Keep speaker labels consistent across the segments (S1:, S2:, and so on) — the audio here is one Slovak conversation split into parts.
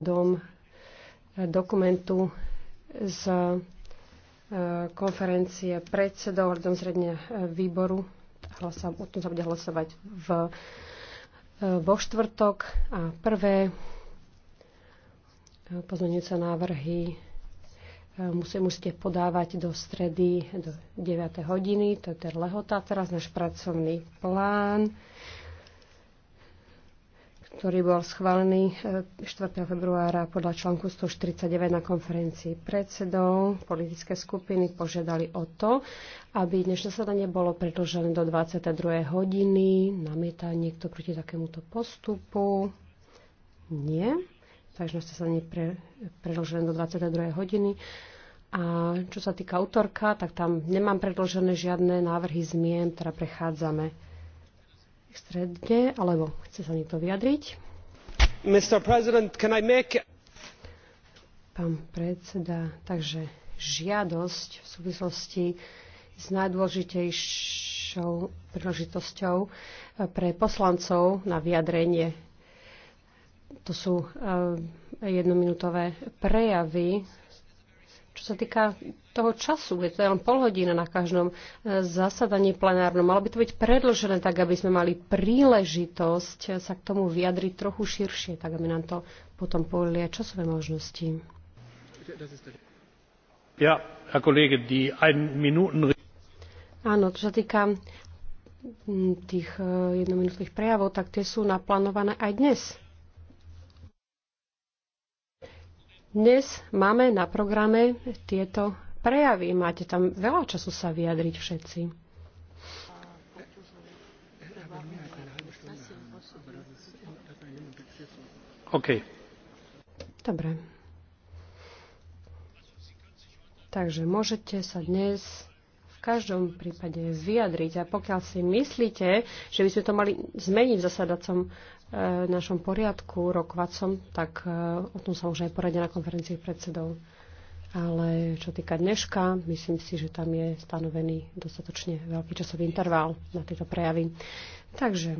S1: dom dokumentu z e, konferencie predsedov hľadom zredne e, výboru. Hlasa, o tom sa bude hlasovať v, e, vo štvrtok. A prvé pozmeňujúce návrhy musí, musíte podávať do stredy do 9. hodiny. To je teda lehota. Teraz náš pracovný plán ktorý bol schválený 4. E, februára podľa článku 149 na konferencii predsedov. Politické skupiny požiadali o to, aby dnešné zasadanie bolo predlžené do 22. hodiny. Namieta niekto proti takémuto postupu? Nie. Takže dnešné zasadanie pre, predlžené do 22. hodiny. A čo sa týka autorka, tak tam nemám predložené žiadne návrhy zmien, teda prechádzame stredne, alebo chce sa niekto vyjadriť?
S2: Mr. President, can I make...
S1: Pán predseda, takže žiadosť v súvislosti s najdôležitejšou príležitosťou eh, pre poslancov na vyjadrenie. To sú eh, jednominútové prejavy čo sa týka toho času, je to len pol hodina na každom e, zasadaní plenárnom. Malo by to byť predlžené tak, aby sme mali príležitosť sa k tomu vyjadriť trochu širšie, tak aby nám to potom povedali aj časové možnosti.
S3: Ja, a kolege, die ein Minuten...
S1: Áno, čo sa týka tých e, jednominútnych prejavov, tak tie sú naplánované aj dnes. Dnes máme na programe tieto prejavy. Máte tam veľa času sa vyjadriť všetci. OK. Dobre. Takže môžete sa dnes každom prípade vyjadriť. A pokiaľ si myslíte, že by sme to mali zmeniť v zasadacom e, našom poriadku rokovacom, tak e, o tom sa už aj poradia na konferencii predsedov. Ale čo týka dneška, myslím si, že tam je stanovený dostatočne veľký časový interval na tieto prejavy. Takže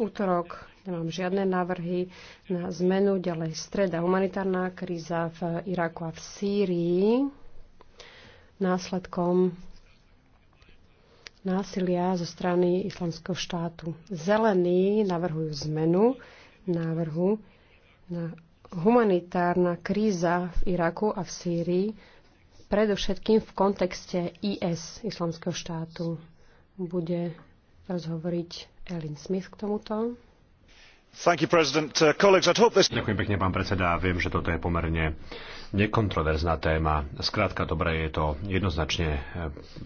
S1: útorok nemám žiadne návrhy na zmenu. Ďalej streda humanitárna kríza v Iraku a v Sýrii následkom násilia zo strany islamského štátu. Zelení navrhujú zmenu návrhu na humanitárna kríza v Iraku a v Sýrii, predovšetkým v kontexte IS, islamského štátu. Bude rozhovoriť Elin Smith k tomuto.
S2: Uh, Ďakujem pekne, pán predseda. Viem, že toto je pomerne nekontroverzná téma. Skrátka, dobre, je to jednoznačne eh,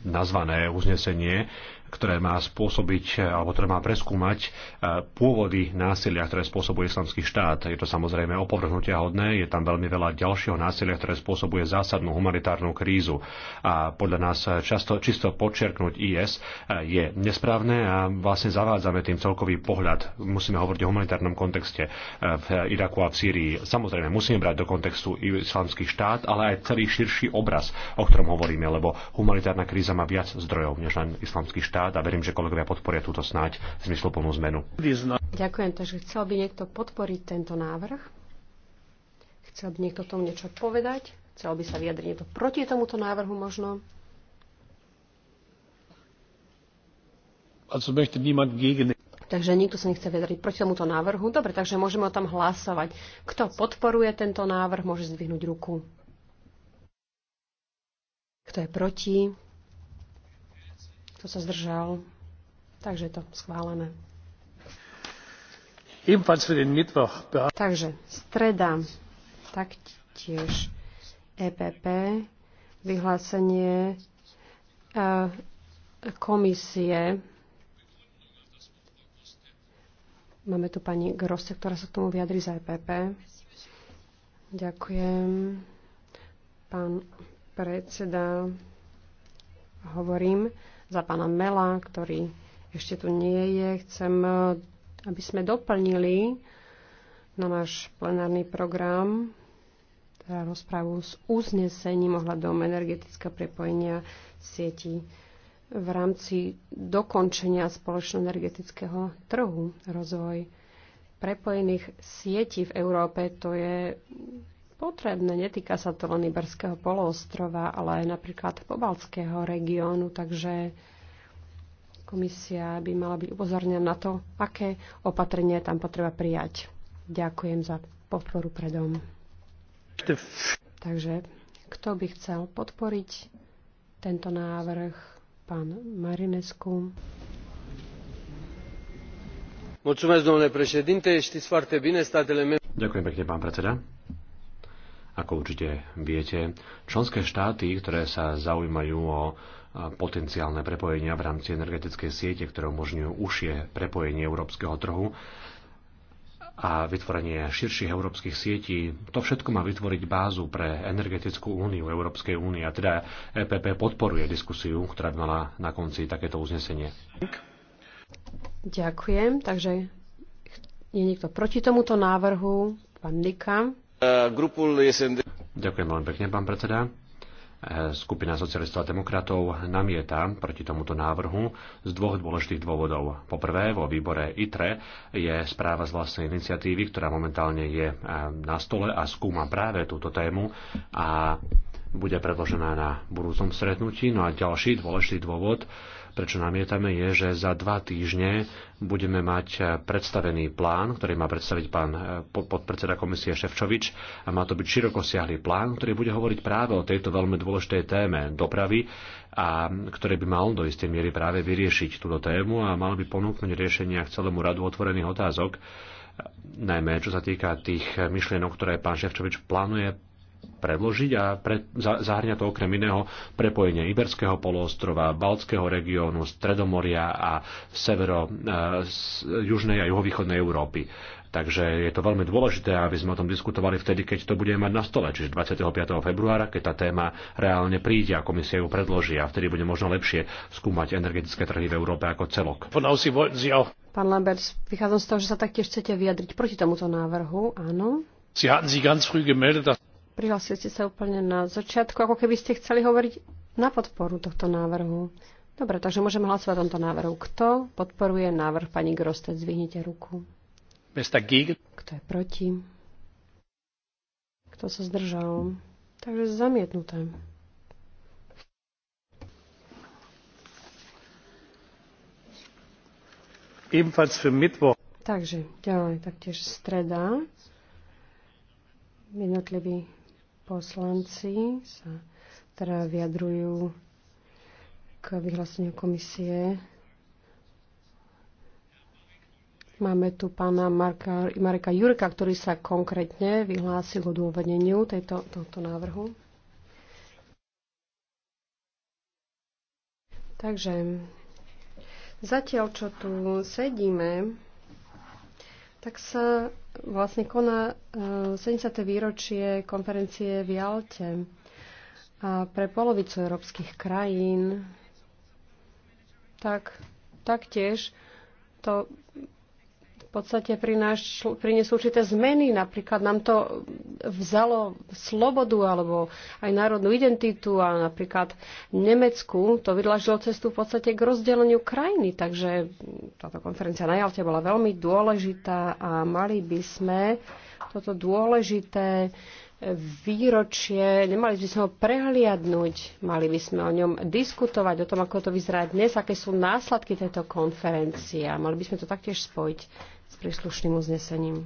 S2: nazvané uznesenie ktoré má spôsobiť eh, alebo ktoré má preskúmať eh, pôvody násilia, ktoré spôsobuje islamský štát. Je to samozrejme opovrhnutia hodné, je tam veľmi veľa ďalšieho násilia, ktoré spôsobuje zásadnú humanitárnu krízu. A podľa nás eh, často, čisto podčerknúť IS je nesprávne a vlastne zavádzame tým celkový pohľad. Musíme hovoriť o humanitárnom kontexte v Iraku a v Sýrii. Samozrejme, musíme brať do kontextu islamský štát, ale aj celý širší obraz, o ktorom hovoríme, lebo humanitárna kríza má viac zdrojov než len islamský štát štát a verím, že kolegovia podporia túto snáď zmysluplnú zmenu.
S1: Ďakujem, takže chcel by niekto podporiť tento návrh? Chcel by niekto tomu niečo povedať? Chcel by sa vyjadriť niekto proti tomuto návrhu možno?
S3: Also möchte niemand gegen
S1: takže nikto sa nechce vyjadriť proti tomuto návrhu. Dobre, takže môžeme o tom hlasovať. Kto podporuje tento návrh, môže zdvihnúť ruku. Kto je proti? Kto sa zdržal? Takže je to schválené. Takže streda, taktiež EPP, vyhlásenie e, komisie. Máme tu pani Grosse, ktorá sa k tomu vyjadri za EPP. Ďakujem. Pán predseda, hovorím za pána Mela, ktorý ešte tu nie je. Chcem, e, aby sme doplnili na náš plenárny program teda rozprávu s uznesením ohľadom energetického prepojenia sietí v rámci dokončenia spoločno-energetického trhu. Rozvoj prepojených sietí v Európe to je potrebné. Netýka sa to len Iberského poloostrova, ale aj napríklad Pobalského regiónu, takže komisia by mala byť upozornená na to, aké opatrenie tam potreba prijať. Ďakujem za podporu predom. Takže kto by chcel podporiť tento návrh? Pán Marinescu. Mulțumesc, domnule președinte. Știți foarte bine, statele
S2: Ďakujem pekne, pán predseda. Ako určite viete, členské štáty, ktoré sa zaujímajú o potenciálne prepojenia v rámci energetickej siete, ktoré umožňujú užšie prepojenie európskeho trhu, a vytvorenie širších európskych sietí. To všetko má vytvoriť bázu pre energetickú úniu Európskej únie a teda EPP podporuje diskusiu, ktorá by mala na konci takéto uznesenie.
S1: Ďakujem. Takže je niekto proti tomuto návrhu? Pán Nika.
S2: Ďakujem veľmi pekne, pán predseda. Eh, skupina socialistov a demokratov namieta proti tomuto návrhu z dvoch dôležitých dôvodov. Poprvé, vo výbore ITRE je správa z vlastnej iniciatívy, ktorá momentálne je eh, na stole a skúma práve túto tému a bude predložená na budúcom stretnutí. No a ďalší dôležitý dôvod, prečo namietame, je, že za dva týždne budeme mať eh, predstavený plán, ktorý má predstaviť pán eh, podpredseda komisie Ševčovič a má to byť širokosiahlý plán, ktorý bude hovoriť práve o tejto veľmi dôležitej téme dopravy a ktoré by mal do istej miery práve vyriešiť túto tému a mal by ponúknuť riešenia k celému radu otvorených otázok, eh, najmä čo sa týka tých myšlienok, ktoré pán Ševčovič plánuje predložiť a pre, za, zahrňa to okrem iného prepojenie Iberského poloostrova, Baltského regiónu, Stredomoria a severo, e, južnej a juhovýchodnej Európy. Takže je to veľmi dôležité, aby sme o tom diskutovali vtedy, keď to budeme mať na stole, čiže 25. februára, keď tá téma reálne príde a komisia ju predloží a vtedy bude možno lepšie skúmať energetické trhy v Európe ako celok.
S1: Pán Lambert, vychádzam z toho, že sa taktiež chcete vyjadriť proti tomuto návrhu, áno.
S2: Sie hatten sich ganz früh
S3: gemeldet, dass
S1: Prihlasili ste sa úplne na začiatku, ako keby ste chceli hovoriť na podporu tohto návrhu. Dobre, takže môžeme hlasovať o tomto návrhu. Kto podporuje návrh pani Grostec? Zvihnite ruku.
S3: Kto je
S1: proti? Kto sa zdržal? Takže zamietnuté.
S3: ebenfalls für Mittwoch.
S1: Takže ďalej, taktiež streda. Jednotlivý Poslanci sa teda vyjadrujú k vyhláseniu komisie. Máme tu pána Marka, Marka Jurka, ktorý sa konkrétne vyhlásil o dôvodneniu tejto, tohto návrhu. Takže zatiaľ, čo tu sedíme, tak sa vlastne koná 70. E, výročie konferencie v Jalte. A pre polovicu európskych krajín tak taktiež to v podstate priniesú určité zmeny. Napríklad nám to vzalo slobodu alebo aj národnú identitu a napríklad Nemecku to vydlažilo cestu v podstate k rozdeleniu krajiny. Takže táto konferencia na Jalte bola veľmi dôležitá a mali by sme toto dôležité výročie, nemali by sme ho prehliadnúť, mali by sme o ňom diskutovať, o tom, ako to vyzerá dnes, aké sú následky tejto konferencie a mali by sme to taktiež spojiť s príslušným uznesením.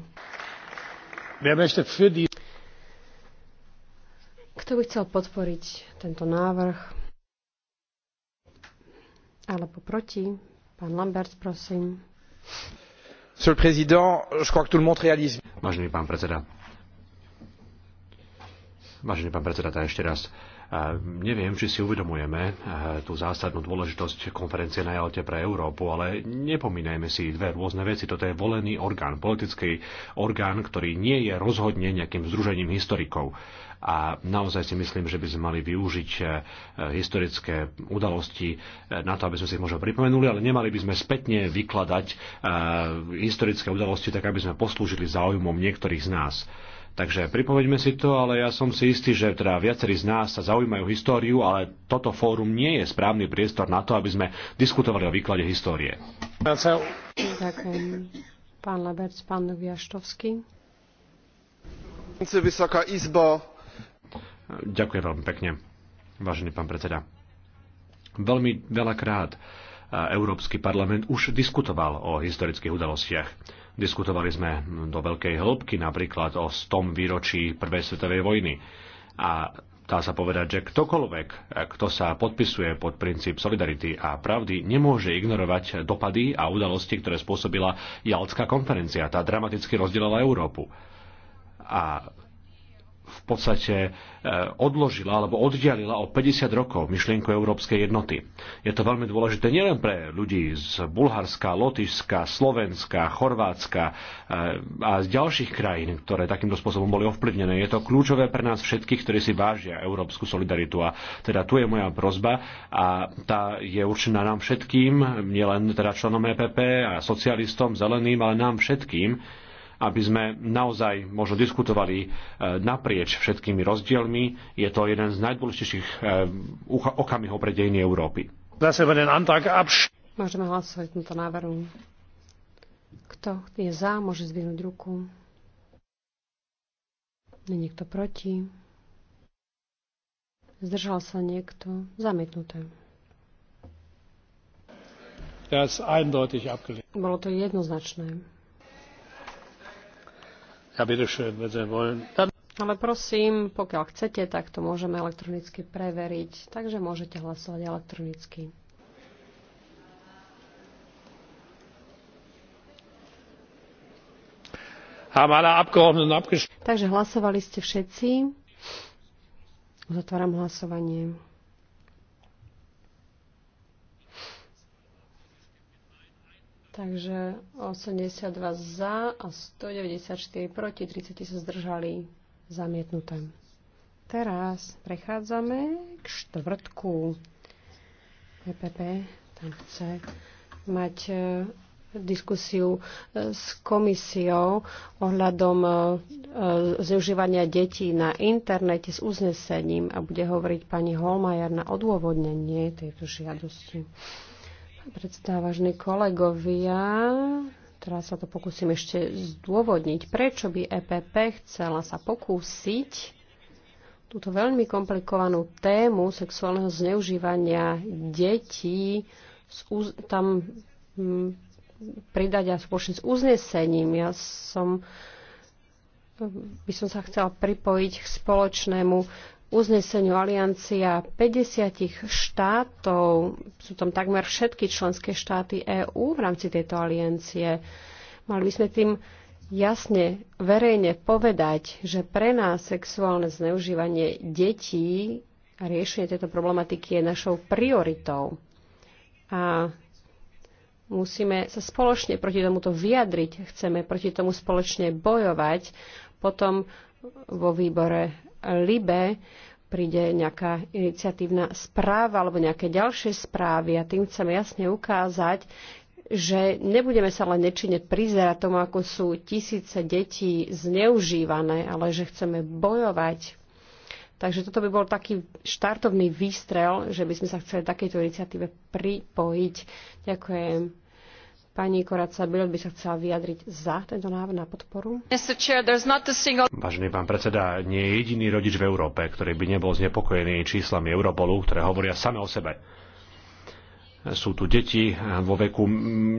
S1: Kto by chcel podporiť tento návrh? Alebo proti? Pán Lambert, prosím.
S2: Monsieur le Président, je crois que tout le monde réalise. Vážený pán predseda. Vážený pán predseda, tá ešte raz Neviem, či si uvedomujeme eh, tú zásadnú dôležitosť konferencie na Jalte pre Európu, ale nepomínajme si dve rôzne veci. Toto je volený orgán, politický orgán, ktorý nie je rozhodne nejakým združením historikov a naozaj si myslím, že by sme mali využiť eh, historické udalosti eh, na to, aby sme si ich možno pripomenuli, ale nemali by sme spätne vykladať historické udalosti tak, aby sme poslúžili záujmom niektorých z nás. Takže pripoveďme si to, ale ja som si istý, že teda viacerí z nás sa zaujímajú históriu, ale toto fórum nie je správny priestor na to, aby sme diskutovali o výklade histórie.
S1: Ďakujem. Pán Leberc, pán Viaštovský.
S2: Vysoká izba. Ďakujem veľmi pekne, vážený pán predseda. Veľmi veľakrát Európsky parlament už diskutoval o historických udalostiach. Diskutovali sme do veľkej hĺbky napríklad o 100. výročí Prvej svetovej vojny. A dá sa povedať, že ktokoľvek, kto sa podpisuje pod princíp solidarity a pravdy, nemôže ignorovať dopady a udalosti, ktoré spôsobila Jalská konferencia. Tá dramaticky rozdelila Európu. A v podstate e, odložila alebo oddialila o 50 rokov myšlienku európskej jednoty. Je to veľmi dôležité nielen pre ľudí z Bulharska, Lotyšska, Slovenska, Chorvátska e, a z ďalších krajín, ktoré takýmto spôsobom boli ovplyvnené. Je to kľúčové pre nás všetkých, ktorí si vážia európsku solidaritu. A teda tu je moja prozba a tá je určená nám všetkým, nielen teda členom EPP a socialistom, zeleným, ale nám všetkým, aby sme naozaj možno diskutovali e, naprieč všetkými rozdielmi. Je to jeden z najdôležitejších e, okamihov pre dejiny Európy.
S1: Môžeme hlasovať tento návrhu. Kto je za, môže zvinúť ruku. Je niekto proti? Zdržal sa niekto? Zamietnuté. Bolo to jednoznačné. Ale prosím, pokiaľ chcete, tak to môžeme elektronicky preveriť. Takže môžete hlasovať elektronicky. Takže hlasovali ste všetci. zatváram hlasovanie. Takže 82 za a 194 proti, 30 sa zdržali zamietnuté. Teraz prechádzame k štvrtku. PPP tam chce mať e, diskusiu e, s komisiou ohľadom e, zneužívania detí na internete s uznesením a bude hovoriť pani Holmajer na odôvodnenie tejto žiadosti predstávaš kolegovia, teraz sa to pokúsim ešte zdôvodniť, prečo by EPP chcela sa pokúsiť túto veľmi komplikovanú tému sexuálneho zneužívania detí tam mm, pridať a spoločne s uznesením. Ja som by som sa chcela pripojiť k spoločnému uzneseniu Aliancia 50 štátov, sú tam takmer všetky členské štáty EÚ v rámci tejto aliancie. Mali by sme tým jasne, verejne povedať, že pre nás sexuálne zneužívanie detí a riešenie tejto problematiky je našou prioritou. A musíme sa spoločne proti tomuto vyjadriť, chceme proti tomu spoločne bojovať. Potom vo výbore LIBE príde nejaká iniciatívna správa alebo nejaké ďalšie správy a tým chcem jasne ukázať, že nebudeme sa len nečine prizerať tomu, ako sú tisíce detí zneužívané, ale že chceme bojovať. Takže toto by bol taký štartovný výstrel, že by sme sa chceli takéto iniciatíve pripojiť. Ďakujem. Pani Koraca Bilot by sa chcela vyjadriť za tento návrh na podporu. Vážený
S2: pán predseda, nie je jediný rodič v Európe, ktorý by nebol znepokojený číslami Europolu, ktoré hovoria same o sebe. Sú tu deti vo veku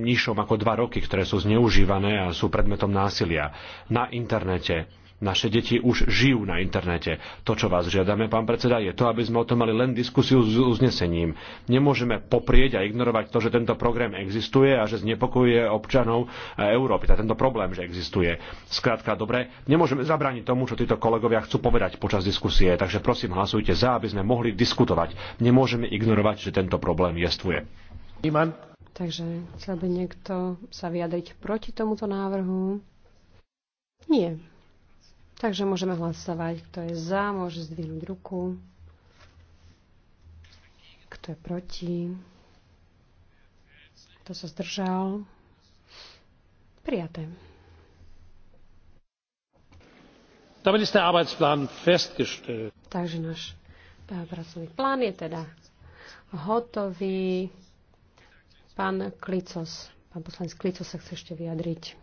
S2: nižšom ako dva roky, ktoré sú zneužívané a sú predmetom násilia na internete naše deti už žijú na internete. To, čo vás žiadame, pán predseda, je to, aby sme o tom mali len diskusiu s uznesením. Nemôžeme poprieť a ignorovať to, že tento program existuje a že znepokojuje občanov Európy. Tá tento problém, že existuje. Skrátka, dobre, nemôžeme zabrániť tomu, čo títo kolegovia chcú povedať počas diskusie, takže prosím, hlasujte za, aby sme mohli diskutovať. Nemôžeme ignorovať, že tento problém jestvuje.
S1: Iman. Takže chcel by niekto sa vyjadriť proti tomuto návrhu? Nie. Takže môžeme hlasovať, kto je za, môže zdvihnúť ruku. Kto je proti? Kto sa zdržal? Prijaté.
S3: Damit ist der Arbeitsplan festgestellt.
S1: Takže náš e, pracovný plán je teda hotový. Pán Klicos, pán poslanec Klicos sa chce ešte vyjadriť.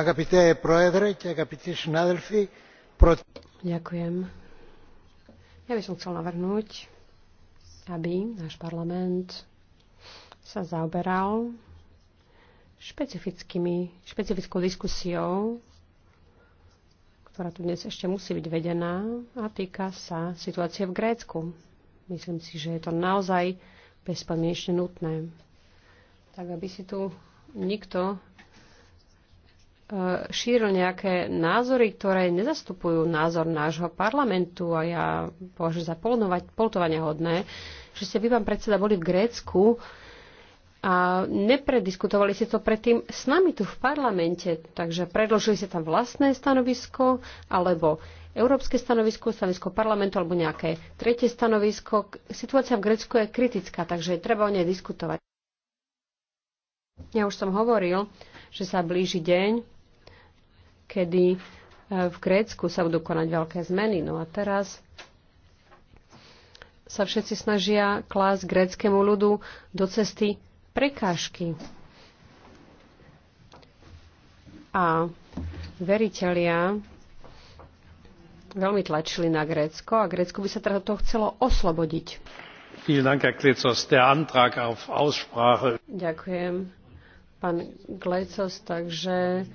S1: Ja by som chcel navrhnúť, aby náš parlament sa zaoberal špecifickou diskusiou, ktorá tu dnes ešte musí byť vedená a týka sa situácie v Grécku. Myslím si, že je to naozaj bezpodmienečne nutné. Tak aby si tu nikto E, šíril nejaké názory, ktoré nezastupujú názor nášho parlamentu a ja považujem za poltovania hodné, že ste vy, pán predseda, boli v Grécku a neprediskutovali ste to predtým s nami tu v parlamente, takže predložili ste tam vlastné stanovisko alebo európske stanovisko, stanovisko parlamentu alebo nejaké tretie stanovisko. Situácia v Grécku je kritická, takže treba o nej diskutovať. Ja už som hovoril, že sa blíži deň, kedy e, v Grécku sa budú konať veľké zmeny. No a teraz sa všetci snažia klásť gréckému ľudu do cesty prekážky. A veritelia veľmi tlačili na Grécko a Grécko by sa teda toho chcelo oslobodiť. Ďakujem, pán Glecos, takže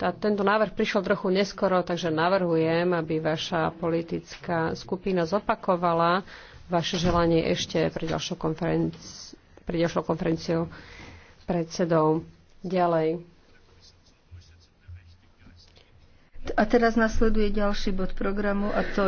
S1: tá, tento návrh prišiel trochu neskoro, takže navrhujem, aby vaša politická skupina zopakovala vaše želanie ešte pri ďalšou, konferenci- pri ďalšou konferenciou predsedov. Ďalej. A teraz nasleduje ďalší
S3: bod programu a to